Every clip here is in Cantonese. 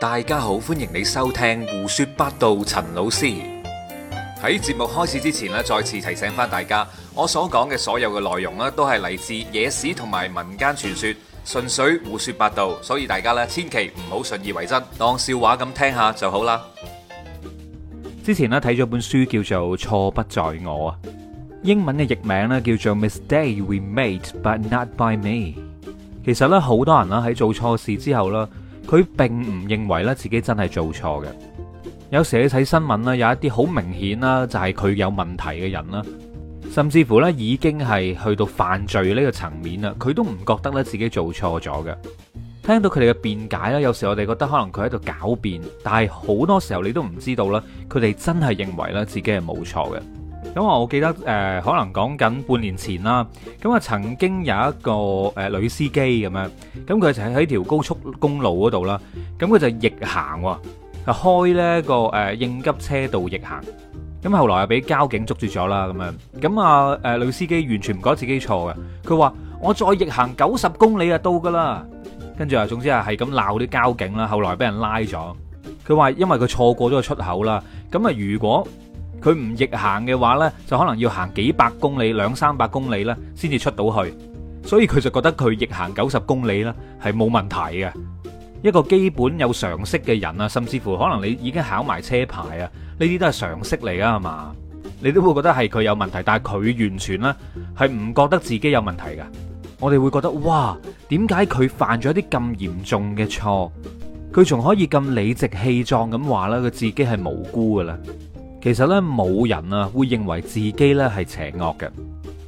大家好，歡迎你收聽胡說八道。陳老師喺節目開始之前呢，再次提醒翻大家，我所講嘅所有嘅內容呢，都係嚟自野史同埋民間傳說，純粹胡說八道，所以大家呢，千祈唔好信以為真，當笑話咁聽下就好啦。之前呢，睇咗本書，叫做《錯不在我》，英文嘅譯名呢，叫做《Misday We Made But Not By Me》。其實咧，好多人啦喺做錯事之後呢。佢並唔認為咧自己真係做錯嘅。有時你睇新聞啦，有一啲好明顯啦，就係佢有問題嘅人啦，甚至乎咧已經係去到犯罪呢個層面啦，佢都唔覺得咧自己做錯咗嘅。聽到佢哋嘅辯解啦，有時我哋覺得可能佢喺度狡辯，但係好多時候你都唔知道啦，佢哋真係認為咧自己係冇錯嘅。咁啊，我記得誒，可能講緊半年前啦。咁啊，曾經有一個誒女司機咁樣，咁佢就喺條高速公路嗰度啦。咁佢就逆行，就開呢個誒應急車道逆行。咁後來又，俾交警捉住咗啦。咁樣，咁啊，誒女司機完全唔覺得自己錯嘅。佢話我再逆行九十公里啊，到噶啦。跟住啊，總之啊，係咁鬧啲交警啦。後來俾人拉咗。佢話因為佢錯過咗個出口啦。咁啊，如果。佢唔逆行嘅話呢就可能要行幾百公里，兩三百公里啦，先至出到去。所以佢就覺得佢逆行九十公里啦，係冇問題嘅。一個基本有常識嘅人啊，甚至乎可能你已經考埋車牌啊，呢啲都係常識嚟噶，係嘛？你都會覺得係佢有問題，但係佢完全呢係唔覺得自己有問題噶。我哋會覺得哇，點解佢犯咗啲咁嚴重嘅錯，佢仲可以咁理直氣壯咁話啦，佢自己係無辜噶啦。其實咧，冇人啊會認為自己咧係邪惡嘅。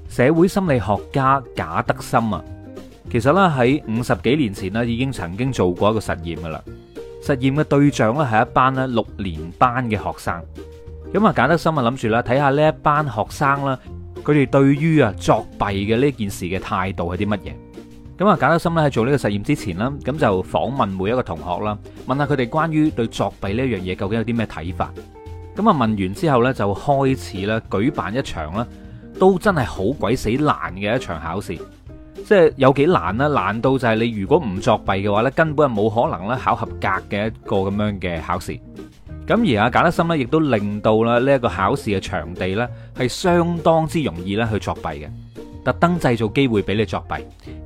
社會心理學家賈德森啊，其實咧喺五十幾年前咧已經曾經做過一個實驗噶啦。實驗嘅對象咧係一班咧六年班嘅學生。咁、嗯、啊，賈德森啊諗住啦睇下呢一班學生啦，佢哋對於啊作弊嘅呢件事嘅態度係啲乜嘢。咁、嗯、啊，賈德森咧喺做呢個實驗之前啦，咁就訪問每一個同學啦，問下佢哋關於對作弊呢一樣嘢究竟有啲咩睇法。咁啊，問完之後呢，就開始咧舉辦一場咧，都真係好鬼死難嘅一場考試。即係有幾難呢？難到就係你如果唔作弊嘅話呢，根本係冇可能咧考合格嘅一個咁樣嘅考試。咁而阿簡德森呢，亦都令到啦呢一個考試嘅場地呢，係相當之容易咧去作弊嘅，特登製造機會俾你作弊。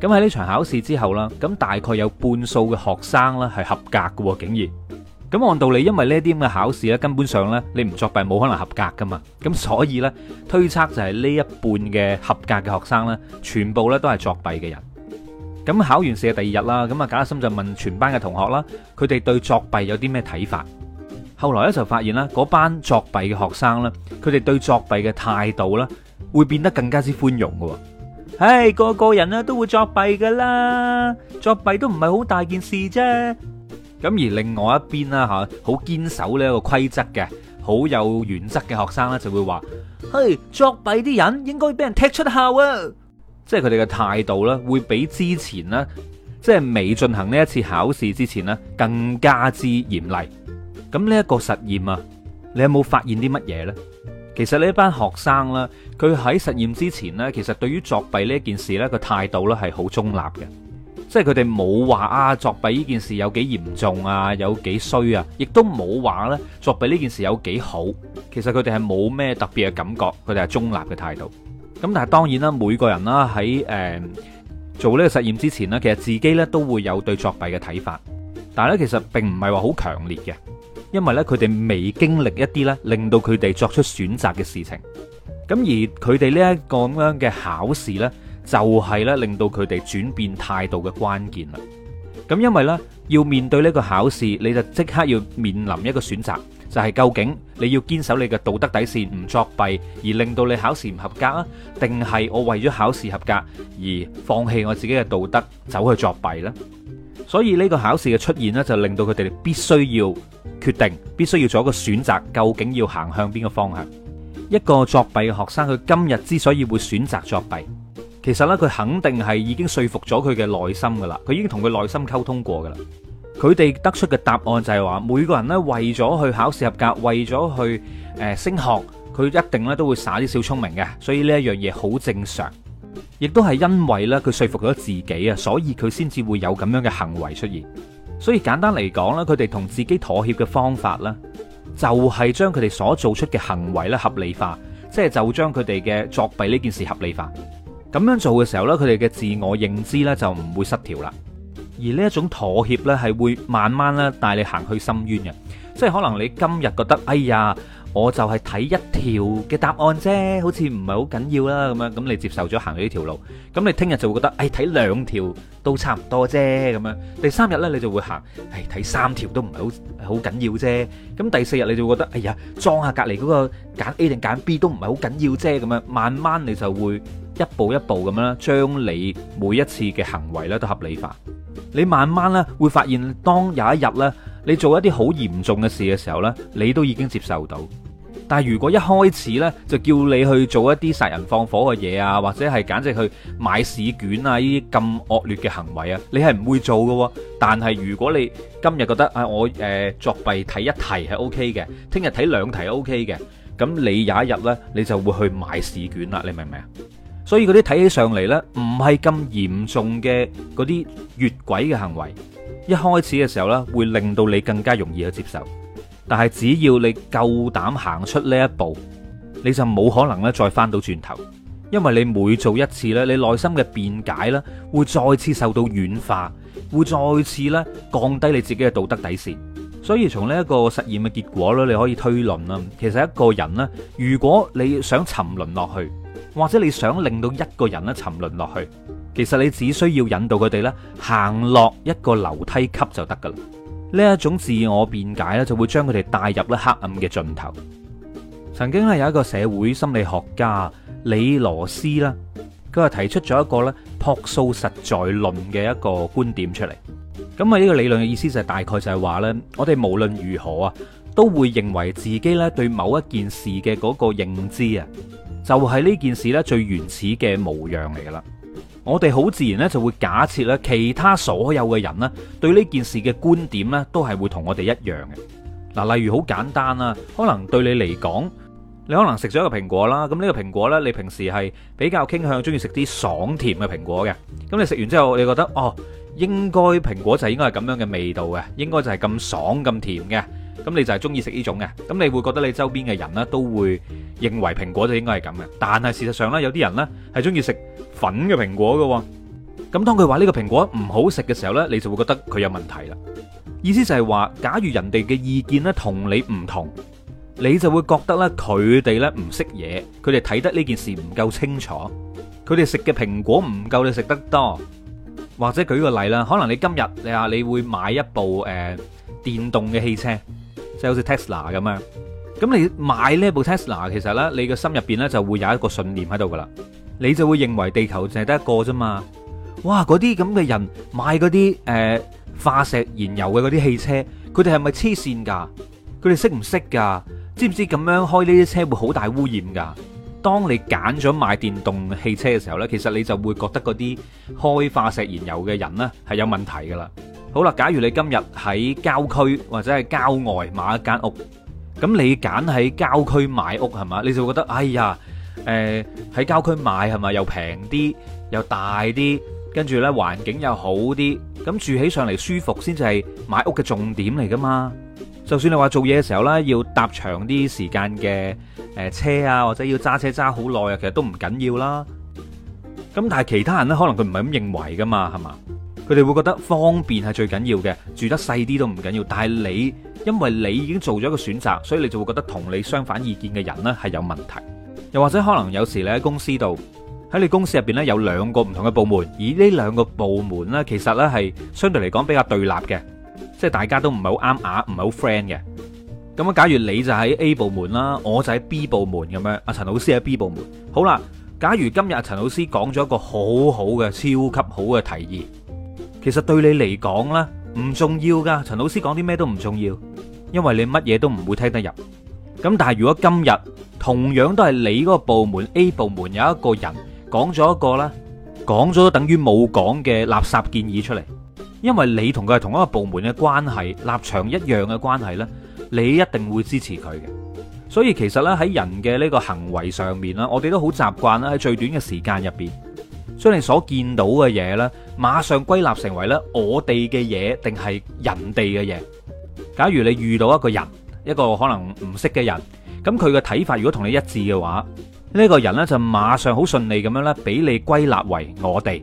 咁喺呢場考試之後呢，咁大概有半數嘅學生呢係合格嘅喎，竟然。咁按道理，因為呢啲咁嘅考試咧，根本上咧，你唔作弊冇可能合格噶嘛。咁所以咧，推測就係呢一半嘅合格嘅學生咧，全部咧都係作弊嘅人。咁考完試嘅第二日啦，咁啊賈德森就問全班嘅同學啦，佢哋對作弊有啲咩睇法？後來咧就發現啦，嗰班作弊嘅學生咧，佢哋對作弊嘅態度咧，會變得更加之寬容噶。唉，個個人咧都會作弊噶啦，作弊都唔係好大件事啫。咁而另外一邊啦吓，好堅守呢個規則嘅，好有原則嘅學生呢，就會話：嘿，作弊啲人應該俾人踢出校啊！即係佢哋嘅態度呢，會比之前呢，即係未進行呢一次考試之前呢，更加之嚴厲。咁呢一個實驗啊，你有冇發現啲乜嘢呢？其實呢班學生啦，佢喺實驗之前呢，其實對於作弊呢件事呢，個態度呢係好中立嘅。即係佢哋冇話啊，作弊呢件事有幾嚴重啊，有幾衰啊，亦都冇話呢作弊呢件事有幾好。其實佢哋係冇咩特別嘅感覺，佢哋係中立嘅態度。咁但係當然啦，每個人啦喺，誒做呢個實驗之前呢，其實自己呢都會有對作弊嘅睇法，但係咧其實並唔係話好強烈嘅，因為呢，佢哋未經歷一啲呢令到佢哋作出選擇嘅事情。咁而佢哋呢一個咁樣嘅考試呢，就係咧，令到佢哋轉變態度嘅關鍵啦。咁因為咧，要面對呢個考試，你就即刻要面臨一個選擇，就係究竟你要堅守你嘅道德底線，唔作弊，而令到你考試唔合格啊？定係我為咗考試合格而放棄我自己嘅道德，走去作弊呢？所以呢個考試嘅出現咧，就令到佢哋必須要決定，必須要做一個選擇，究竟要行向邊個方向？一個作弊嘅學生，佢今日之所以會選擇作弊。其實咧，佢肯定係已經說服咗佢嘅內心噶啦，佢已經同佢內心溝通過噶啦。佢哋得出嘅答案就係話，每個人呢，為咗去考試合格，為咗去誒升學，佢一定咧都會耍啲小聰明嘅，所以呢一樣嘢好正常。亦都係因為呢，佢說服咗自己啊，所以佢先至會有咁樣嘅行為出現。所以簡單嚟講呢，佢哋同自己妥協嘅方法呢，就係將佢哋所做出嘅行為咧合理化，即係就將佢哋嘅作弊呢件事合理化。咁樣做嘅時候咧，佢哋嘅自我認知咧就唔會失調啦。而呢一種妥協咧，係會慢慢咧帶你行去深淵嘅，即係可能你今日覺得哎呀，我就係睇一條嘅答案啫，好似唔係好緊要啦咁樣。咁你接受咗行呢條路，咁你聽日就會覺得誒，睇兩條都差唔多啫咁樣。第三日咧你就會行誒，睇三條都唔係好好緊要啫。咁第四日你就覺得哎呀，裝下隔離嗰個，揀 A 定揀 B 都唔係好緊要啫咁樣，慢慢你就會。一步一步咁樣咧，將你每一次嘅行為咧都合理化。你慢慢咧會發現，當有一日咧你做一啲好嚴重嘅事嘅時候咧，你都已經接受到。但係如果一開始咧就叫你去做一啲殺人放火嘅嘢啊，或者係簡直去買試卷啊，呢啲咁惡劣嘅行為啊，你係唔會做嘅喎。但係如果你今日覺得啊，我誒作弊睇一題係 OK 嘅，聽日睇兩題係 OK 嘅，咁你有一日咧你就會去買試卷啦。你明唔明啊？所以嗰啲睇起上嚟咧，唔係咁嚴重嘅嗰啲越軌嘅行為，一開始嘅時候咧，會令到你更加容易去接受。但係只要你夠膽行出呢一步，你就冇可能咧再翻到轉頭，因為你每做一次咧，你內心嘅辯解咧，會再次受到軟化，會再次咧降低你自己嘅道德底線。所以從呢一個實驗嘅結果咧，你可以推論啦，其實一個人咧，如果你想沉淪落去，或者你想令到一個人咧，沉淪落去，其實你只需要引導佢哋咧，行落一個樓梯級就得噶啦。呢一種自我辯解咧，就會將佢哋帶入咧黑暗嘅盡頭。曾經咧有一個社會心理學家李羅斯啦，佢係提出咗一個咧樸素實在論嘅一個觀點出嚟。咁啊呢個理論嘅意思就係大概就係話咧，我哋無論如何啊，都會認為自己咧對某一件事嘅嗰個認知啊。就係呢件事咧最原始嘅模樣嚟啦，我哋好自然咧就會假設咧其他所有嘅人咧對呢件事嘅觀點咧都係會同我哋一樣嘅。嗱，例如好簡單啦，可能對你嚟講，你可能食咗一個蘋果啦，咁呢個蘋果呢，你平時係比較傾向中意食啲爽甜嘅蘋果嘅，咁你食完之後你覺得哦，應該蘋果就應該係咁樣嘅味道嘅，應該就係咁爽咁甜嘅。咁你就係中意食呢種嘅，咁你會覺得你周邊嘅人呢都會認為蘋果就應該係咁嘅，但係事實上呢有啲人呢係中意食粉嘅蘋果嘅，咁當佢話呢個蘋果唔好食嘅時候呢，你就會覺得佢有問題啦。意思就係話，假如人哋嘅意見呢同你唔同，你就會覺得呢佢哋呢唔識嘢，佢哋睇得呢件事唔夠清楚，佢哋食嘅蘋果唔夠你食得多。或者舉個例啦，可能你今日你話你會買一部誒電動嘅汽車。就係好似 Tesla 咁樣，咁你買呢部 Tesla，其實咧，你嘅心入邊咧就會有一個信念喺度噶啦，你就會認為地球淨係得一個啫嘛。哇！嗰啲咁嘅人買嗰啲誒化石燃油嘅嗰啲汽車，佢哋係咪黐線噶？佢哋識唔識噶？知唔知咁樣開呢啲車會好大污染噶？當你揀咗買電動汽車嘅時候呢，其實你就會覺得嗰啲開化石燃油嘅人呢係有問題噶啦。好啦，假如你今日喺郊區或者係郊外買一間屋，咁你揀喺郊區買屋係嘛？你就會覺得哎呀，誒、呃、喺郊區買係咪又平啲，又大啲，跟住呢環境又好啲，咁住起上嚟舒服先就係買屋嘅重點嚟噶嘛。就算你話做嘢嘅時候呢要搭長啲時間嘅誒車啊，或者要揸車揸好耐啊，其實都唔緊要啦。咁但係其他人呢，可能佢唔係咁認為噶嘛，係嘛？佢哋會覺得方便係最緊要嘅，住得細啲都唔緊要。但係你因為你已經做咗一個選擇，所以你就會覺得同你相反意見嘅人呢係有問題。又或者可能有時你喺公司度，喺你公司入邊呢，有兩個唔同嘅部門，而呢兩個部門呢，其實呢係相對嚟講比較對立嘅。即係大家都唔係好啱牙，唔係好 friend 嘅。咁樣，假如你就喺 A 部門啦，我就喺 B 部門咁樣。阿陳老師喺 B 部門。好啦，假如今日阿陳老師講咗一個好好嘅、超級好嘅提議，其實對你嚟講咧唔重要噶。陳老師講啲咩都唔重要，因為你乜嘢都唔會聽得入。咁但係如果今日同樣都係你嗰個部門 A 部門有一個人講咗一個咧，講咗等於冇講嘅垃圾建議出嚟。因為你同佢係同一個部門嘅關係、立場一樣嘅關係呢，你一定會支持佢嘅。所以其實咧喺人嘅呢個行為上面啦，我哋都好習慣啦，喺最短嘅時間入邊，將你所見到嘅嘢呢，馬上歸納成為呢，我哋嘅嘢，定係人哋嘅嘢。假如你遇到一個人，一個可能唔識嘅人，咁佢嘅睇法如果同你一致嘅話，呢個人呢，就馬上好順利咁樣呢，俾你歸納為我哋。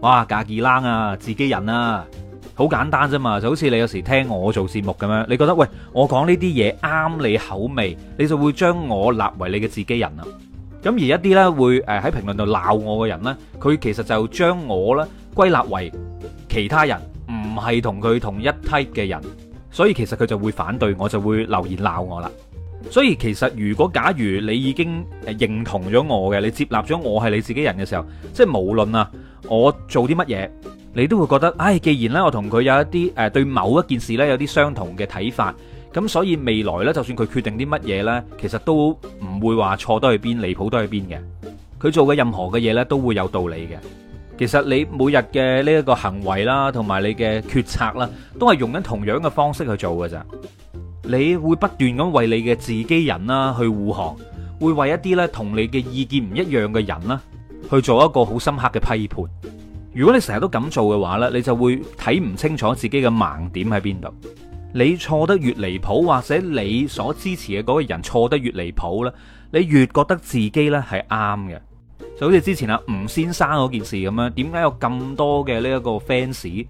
哇，假二愣啊，自己人啦，啊，好簡單啫嘛，就好似你有時聽我做節目咁樣，你覺得喂，我講呢啲嘢啱你口味，你就會將我立為你嘅自己人啦。咁而一啲呢，會誒喺評論度鬧我嘅人呢，佢其實就將我呢歸納為其他人，唔係同佢同一 type 嘅人，所以其實佢就會反對我，就會留言鬧我啦。所以其實如果假如你已經誒認同咗我嘅，你接納咗我係你自己人嘅時候，即係無論啊。我做啲乜嘢，你都會覺得，唉、哎，既然咧我同佢有一啲，誒、呃，對某一件事咧有啲相同嘅睇法，咁所以未來咧就算佢決定啲乜嘢咧，其實都唔會話錯得去邊，離譜都去邊嘅。佢做嘅任何嘅嘢咧都會有道理嘅。其實你每日嘅呢一個行為啦，同埋你嘅決策啦，都係用緊同樣嘅方式去做噶咋。你會不斷咁為你嘅自己人啦去護航，會為一啲咧同你嘅意見唔一樣嘅人啦，去做一個好深刻嘅批判。如果你成日都咁做嘅話呢，你就會睇唔清楚自己嘅盲點喺邊度。你錯得越離譜，或者你所支持嘅嗰個人錯得越離譜呢，你越覺得自己呢係啱嘅。就好似之前阿吳先生嗰件事咁樣，點解有咁多嘅呢一個 fans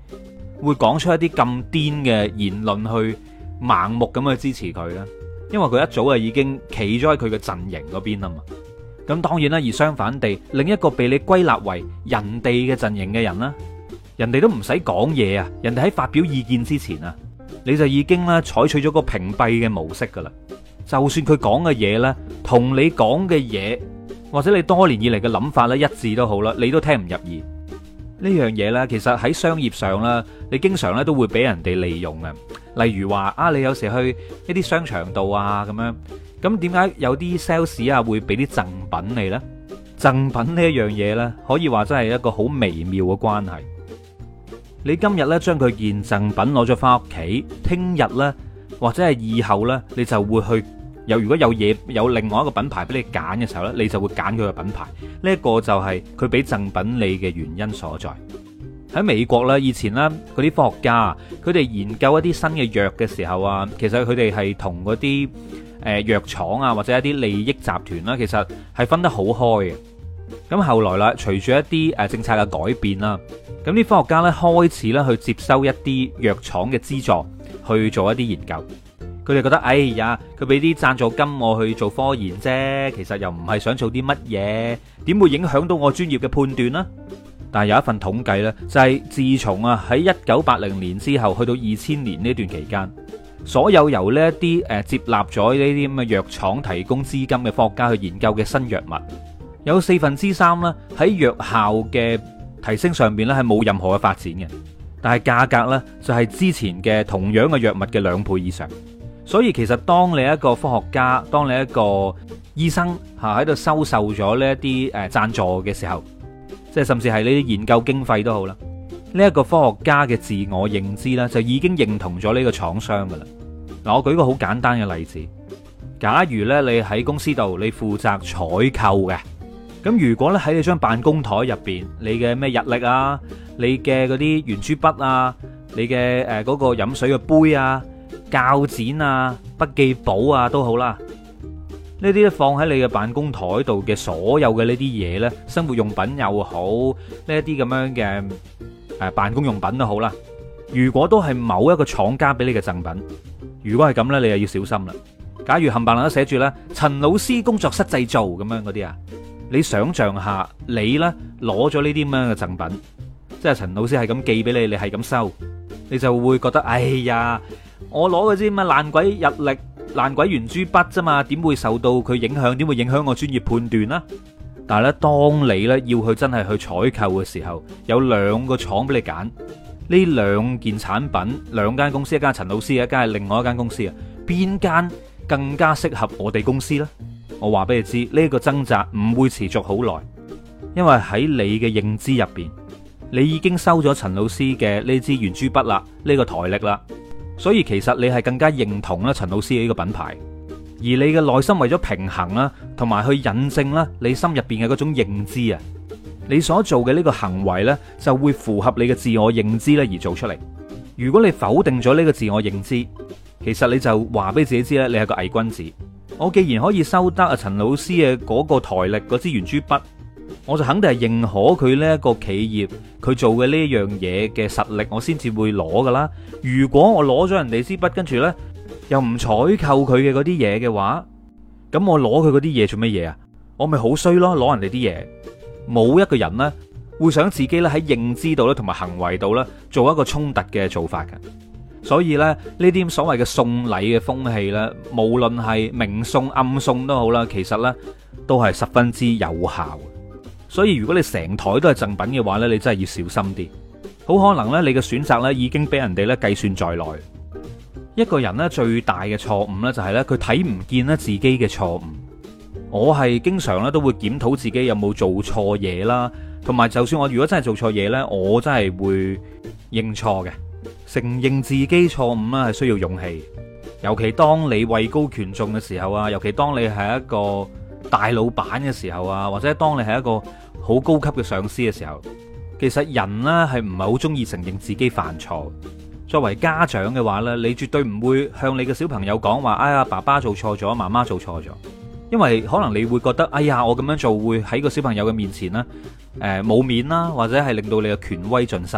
會講出一啲咁癲嘅言論去盲目咁去支持佢呢？因為佢一早就已經企咗喺佢嘅陣營嗰邊啊嘛。咁當然啦，而相反地，另一個被你歸納為人哋嘅陣營嘅人啦，人哋都唔使講嘢啊，人哋喺發表意見之前啊，你就已經啦採取咗個屏蔽嘅模式噶啦，就算佢講嘅嘢呢同你講嘅嘢或者你多年以嚟嘅諗法呢一致都好啦，你都聽唔入耳。呢樣嘢呢，其實喺商業上啦，你經常呢都會俾人哋利用嘅，例如話啊，你有時去一啲商場度啊咁樣。咁點解有啲 sales 啊，會俾啲贈品你呢？贈品呢一樣嘢呢，可以話真係一個好微妙嘅關係。你今日咧將佢件贈品攞咗翻屋企，聽日呢，或者係以後呢，你就會去又如果有嘢有另外一個品牌俾你揀嘅時候呢，你就會揀佢個品牌。呢一個就係佢俾贈品你嘅原因所在。喺美國啦，以前咧嗰啲科學家佢哋研究一啲新嘅藥嘅時候啊，其實佢哋係同嗰啲誒藥廠啊，或者一啲利益集團啦，其實係分得好開嘅。咁後來啦，隨住一啲誒政策嘅改變啦，咁啲科學家咧開始咧去接收一啲藥廠嘅資助去做一啲研究。佢哋覺得，哎呀，佢俾啲贊助金我去做科研啫，其實又唔係想做啲乜嘢，點會影響到我專業嘅判斷呢？但係有一份統計呢，就係自從啊喺一九八零年之後，去到二千年呢段期間，所有由呢一啲誒接納咗呢啲咁嘅藥廠提供資金嘅科學家去研究嘅新藥物，有四分之三呢喺藥效嘅提升上面呢係冇任何嘅發展嘅，但係價格呢，就係之前嘅同樣嘅藥物嘅兩倍以上。所以其實當你一個科學家，當你一個醫生嚇喺度收受咗呢一啲誒贊助嘅時候，即係甚至係呢啲研究經費都好啦，呢、這、一個科學家嘅自我認知呢，就已經認同咗呢個廠商噶啦。嗱，我舉個好簡單嘅例子，假如呢，你喺公司度你負責採購嘅，咁如果呢，喺你張辦公台入邊，你嘅咩日曆啊，你嘅嗰啲圓珠筆啊，你嘅誒嗰個飲水嘅杯啊、鉸剪啊、筆記簿啊都好啦。呢啲放喺你嘅辦公台度嘅所有嘅呢啲嘢呢，生活用品又好，呢啲咁樣嘅誒、呃、辦公用品都好啦。如果都係某一個廠家俾你嘅贈品，如果係咁呢，你又要小心啦。假如冚唪唥都寫住呢，陳老師工作室製造咁樣嗰啲啊，你想象下，你呢攞咗呢啲咁樣嘅贈品，即係陳老師係咁寄俾你，你係咁收，你就會覺得，哎呀，我攞嗰啲咁嘅爛鬼日曆。爛鬼圓珠筆啫嘛，點會受到佢影響？點會影響我專業判斷呢？但係咧，當你咧要去真係去採購嘅時候，有兩個廠俾你揀，呢兩件產品，兩間公司，一間陳老師，一間係另外一間公司啊，邊間更加適合我哋公司呢？我話俾你知，呢個掙扎唔會持續好耐，因為喺你嘅認知入邊，你已經收咗陳老師嘅呢支圓珠筆啦，呢個台曆啦。所以其實你係更加認同啦陳老師呢個品牌，而你嘅內心為咗平衡啦，同埋去引證啦你心入邊嘅嗰種認知啊，你所做嘅呢個行為咧就會符合你嘅自我認知咧而做出嚟。如果你否定咗呢個自我認知，其實你就話俾自己知咧，你係個偽君子。我既然可以收得啊陳老師嘅嗰個台曆，嗰支圓珠筆。我就肯定係認可佢呢一個企業佢做嘅呢樣嘢嘅實力，我先至會攞噶啦。如果我攞咗人哋支筆，跟住呢又唔採購佢嘅嗰啲嘢嘅話，咁我攞佢嗰啲嘢做乜嘢啊？我咪好衰咯，攞人哋啲嘢。冇一個人呢會想自己咧喺認知度咧同埋行為度呢做一個衝突嘅做法嘅，所以咧呢啲所謂嘅送禮嘅風氣呢，無論係明送暗送都好啦，其實呢都係十分之有效。所以如果你成台都係贈品嘅話呢，你真係要小心啲。好可能呢，你嘅選擇咧已經俾人哋咧計算在內。一個人咧最大嘅錯誤呢，就係呢佢睇唔見咧自己嘅錯誤。我係經常咧都會檢討自己有冇做錯嘢啦，同埋就算我如果真係做錯嘢呢，我真係會認錯嘅，承認自己錯誤呢係需要勇氣。尤其當你位高權重嘅時候啊，尤其當你係一個大老闆嘅時候啊，或者當你係一個好高級嘅上司嘅時候，其實人呢係唔係好中意承認自己犯錯。作為家長嘅話呢，你絕對唔會向你嘅小朋友講話，哎呀，爸爸做錯咗，媽媽做錯咗，因為可能你會覺得，哎呀，我咁樣做會喺個小朋友嘅面前呢誒，冇面啦，或者係令到你嘅權威盡失。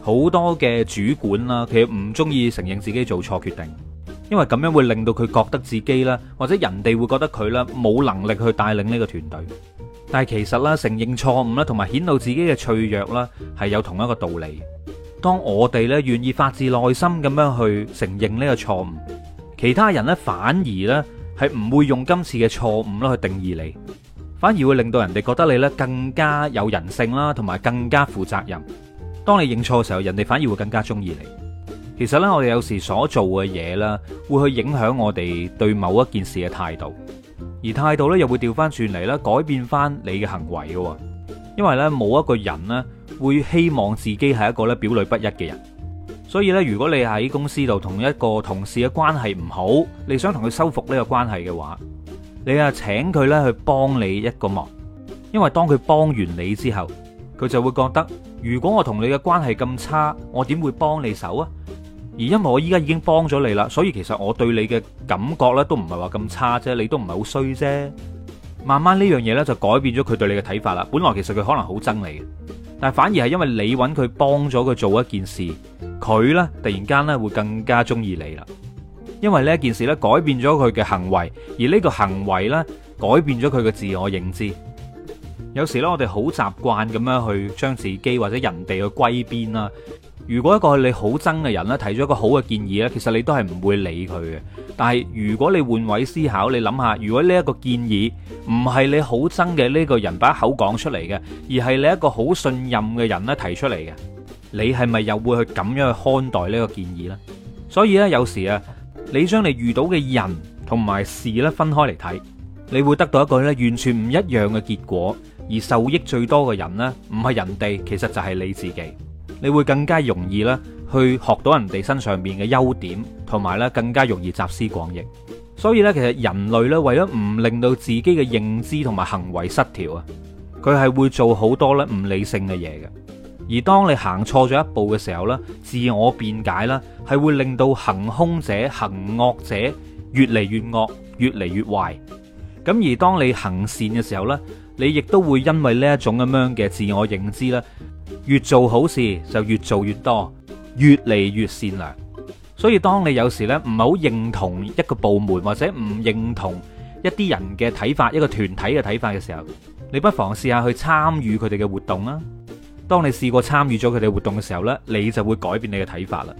好多嘅主管啦，其實唔中意承認自己做錯決定。因為咁樣會令到佢覺得自己啦，或者人哋會覺得佢呢冇能力去帶領呢個團隊。但係其實啦，承認錯誤啦，同埋顯露自己嘅脆弱啦，係有同一個道理。當我哋呢願意發自內心咁樣去承認呢個錯誤，其他人呢反而呢係唔會用今次嘅錯誤啦去定義你，反而會令到人哋覺得你呢更加有人性啦，同埋更加負責任。當你認錯嘅時候，人哋反而會更加中意你。其實呢，我哋有時所做嘅嘢啦，會去影響我哋對某一件事嘅態度，而態度呢又會調翻轉嚟啦，改變翻你嘅行為噶。因為呢，冇一個人呢會希望自己係一個咧表裏不一嘅人。所以呢，如果你喺公司度同一個同事嘅關係唔好，你想同佢修復呢個關係嘅話，你啊請佢呢去幫你一個忙，因為當佢幫完你之後，佢就會覺得，如果我同你嘅關係咁差，我點會幫你手啊？而因為我依家已經幫咗你啦，所以其實我對你嘅感覺呢都唔係話咁差啫，你都唔係好衰啫。慢慢呢樣嘢呢，就改變咗佢對你嘅睇法啦。本來其實佢可能好憎你，但反而係因為你揾佢幫咗佢做一件事，佢呢突然間呢會更加中意你啦。因為呢件事呢改變咗佢嘅行為，而呢個行為呢改變咗佢嘅自我認知。有時呢，我哋好習慣咁樣去將自己或者人哋去歸邊啦。如果一個係你好憎嘅人咧，提咗一個好嘅建議咧，其實你都係唔會理佢嘅。但係如果你換位思考，你諗下，如果呢一個建議唔係你好憎嘅呢個人把口講出嚟嘅，而係你一個好信任嘅人咧，提出嚟嘅，你係咪又會去咁樣去看待呢個建議呢？所以咧，有時啊，你將你遇到嘅人同埋事咧，分開嚟睇，你會得到一個咧完全唔一樣嘅結果，而受益最多嘅人呢，唔係人哋，其實就係你自己。你會更加容易咧，去學到人哋身上邊嘅優點，同埋咧更加容易集思廣益。所以咧，其實人類咧為咗唔令到自己嘅認知同埋行為失調啊，佢係會做好多咧唔理性嘅嘢嘅。而當你行錯咗一步嘅時候咧，自我辯解啦，係會令到行凶者、行惡者越嚟越惡，越嚟越壞。咁而當你行善嘅時候咧，你亦都會因為呢一種咁樣嘅自我認知咧。越做好事就越做越多，越嚟越善良。所以當你有時呢唔係好認同一個部門或者唔認同一啲人嘅睇法，一個團體嘅睇法嘅時候，你不妨試下去參與佢哋嘅活動啦。當你試過參與咗佢哋活動嘅時候呢，你就會改變你嘅睇法啦。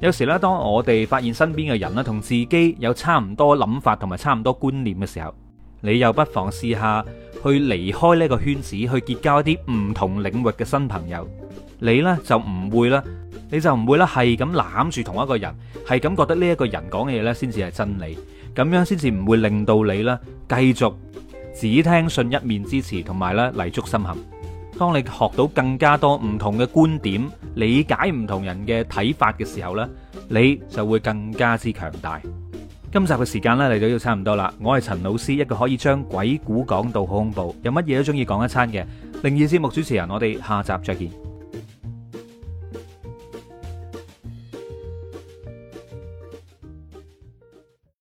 有時呢，當我哋發現身邊嘅人呢同自己有差唔多諗法同埋差唔多觀念嘅時候，你又不妨試下去離開呢個圈子，去結交一啲唔同領域嘅新朋友。你呢，就唔會啦，你就唔會啦，係咁攬住同一個人，係咁覺得呢一個人講嘅嘢呢先至係真理。咁樣先至唔會令到你呢繼續只聽信一面之詞，同埋呢泥足深陷。當你學到更加多唔同嘅觀點，理解唔同人嘅睇法嘅時候呢，你就會更加之強大。今集嘅時間咧嚟到要差唔多啦，我係陳老師，一個可以將鬼故講到好恐怖，有乜嘢都中意講一餐嘅靈異節目主持人，我哋下集再見。